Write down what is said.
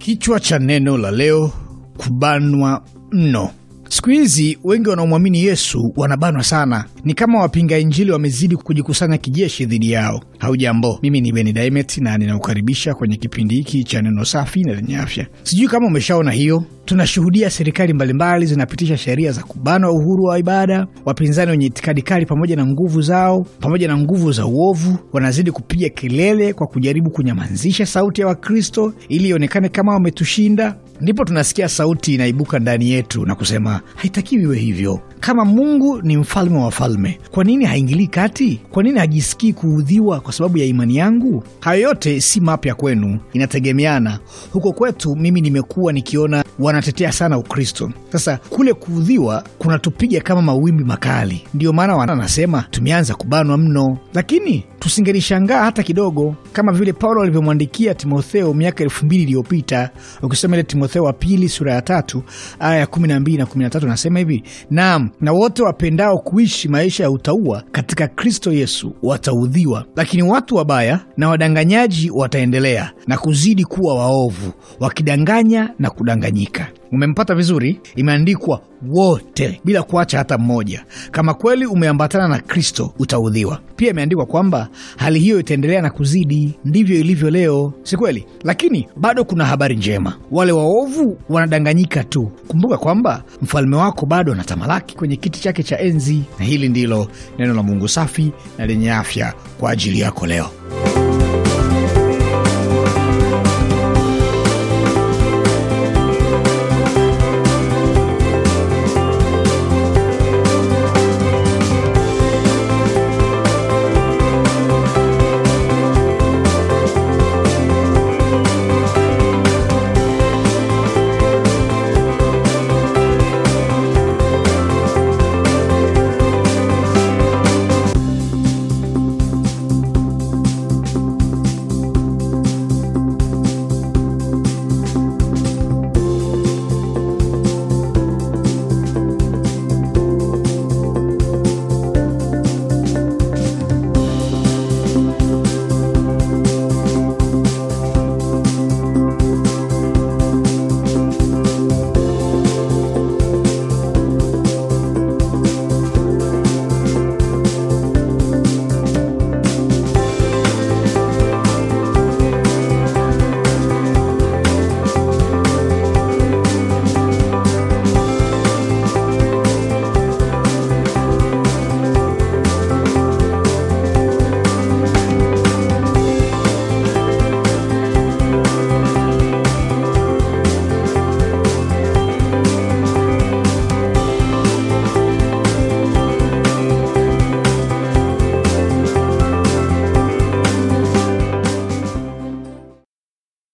Kichwa cha neno la leo: kubanwa mno. Siku hizi wengi wanaomwamini Yesu wanabanwa sana, ni kama wapinga Injili wamezidi kujikusanya kijeshi dhidi yao. Haujambo, mimi ni Beni Dimet na ninaukaribisha kwenye kipindi hiki cha neno safi na lenye afya. Sijui kama umeshaona hiyo, tunashuhudia serikali mbalimbali zinapitisha sheria za kubanwa uhuru wa ibada. Wapinzani wenye itikadi kali, pamoja na nguvu zao, pamoja na nguvu za uovu, wanazidi kupiga kelele kwa kujaribu kunyamazisha sauti ya Wakristo ili ionekane kama wametushinda ndipo tunasikia sauti inaibuka ndani yetu na kusema, haitakiwi iwe hivyo. Kama Mungu ni mfalme wa wafalme, kwa nini haingilii kati? Kwa nini hajisikii kuudhiwa kwa sababu ya imani yangu? Hayo yote si mapya kwenu, inategemeana. Huko kwetu mimi nimekuwa nikiona wanatetea sana Ukristo. Sasa kule kuudhiwa kunatupiga kama mawimbi makali, ndiyo maana wanasema tumeanza kubanwa mno, lakini tusingelishangaa hata kidogo, kama vile Paulo alivyomwandikia Timotheo miaka elfu mbili iliyopita ukisoma ile Timotheo wa pili sura ya tatu aya ya 12 na tatu nasema hivi: naam, na wote wapendao kuishi maisha ya utaua katika Kristo Yesu wataudhiwa, lakini watu wabaya na wadanganyaji wataendelea na kuzidi kuwa waovu, wakidanganya na kudanganyika. Umempata vizuri, imeandikwa wote bila kuacha hata mmoja. Kama kweli umeambatana na Kristo utaudhiwa. Pia imeandikwa kwamba hali hiyo itaendelea na kuzidi. Ndivyo ilivyo leo, si kweli? Lakini bado kuna habari njema. Wale waovu wanadanganyika tu. Kumbuka kwamba mfalme wako bado tamalaki kwenye kiti chake cha enzi. Na hili ndilo neno la Mungu safi na lenye afya kwa ajili yako leo.